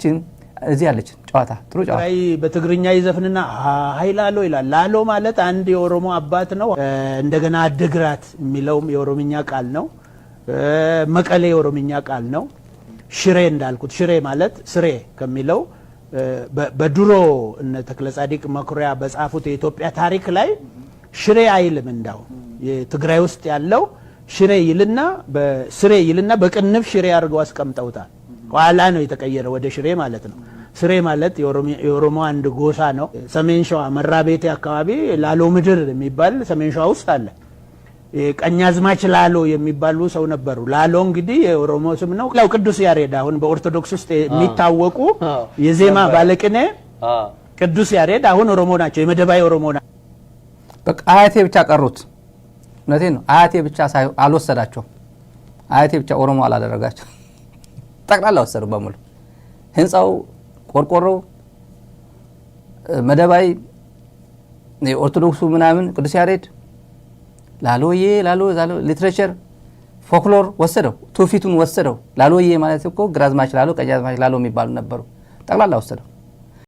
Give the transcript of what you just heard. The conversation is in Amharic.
እችን እዚህ ያለችን ጨዋታ ጥሩ ጨዋታ በትግርኛ ይዘፍንና ሀይላሎ ይላል። ላሎ ማለት አንድ የኦሮሞ አባት ነው። እንደገና አድግራት የሚለውም የኦሮምኛ ቃል ነው። መቀሌ የኦሮምኛ ቃል ነው። ሽሬ እንዳልኩት ሽሬ ማለት ስሬ ከሚለው በድሮ እነ ተክለ ጻዲቅ መኩሪያ በጻፉት የኢትዮጵያ ታሪክ ላይ ሽሬ አይልም። እንዳው የትግራይ ውስጥ ያለው ሽሬ ይልና ስሬ ይልና በቅንፍ ሽሬ አድርገው አስቀምጠውታል። ኋላ ነው የተቀየረ ወደ ሽሬ ማለት ነው። ሽሬ ማለት የኦሮሞ አንድ ጎሳ ነው። ሰሜን ሸዋ ቤቴ አካባቢ ላሎ ምድር የሚባል ሰሜን ሸዋ ውስጥ አለ። ቀኛዝማች ላሎ የሚባሉ ሰው ነበሩ። ላሎ እንግዲህ የኦሮሞ ስም ነው። ላው ቅዱስ ያሬድ አሁን በኦርቶዶክስ ውስጥ የሚታወቁ የዜማ ባለቅኔ ቅዱስ ያሬድ አሁን ኦሮሞ ናቸው። የመደባዊ ኦሮሞ ናቸው። በቃ አያቴ ብቻ ቀሩት። እውነቴ ነው። አያቴ ብቻ አልወሰዳቸው። አያቴ ብቻ ኦሮሞ አላደረጋቸው። ጠቅላላ ወሰዱ በሙሉ ህንፃው፣ ቆርቆሮ፣ መደባይ፣ የኦርቶዶክሱ ምናምን፣ ቅዱስ ያሬድ ላሎዬ ላሎ ሊትሬቸር፣ ፎክሎር ወሰደው፣ ትውፊቱን ወሰደው። ላሎዬ ማለት እኮ ግራዝማች ላሎ፣ ቀጃዝማች ላሎ የሚባሉ ነበሩ። ጠቅላላ ወሰደው።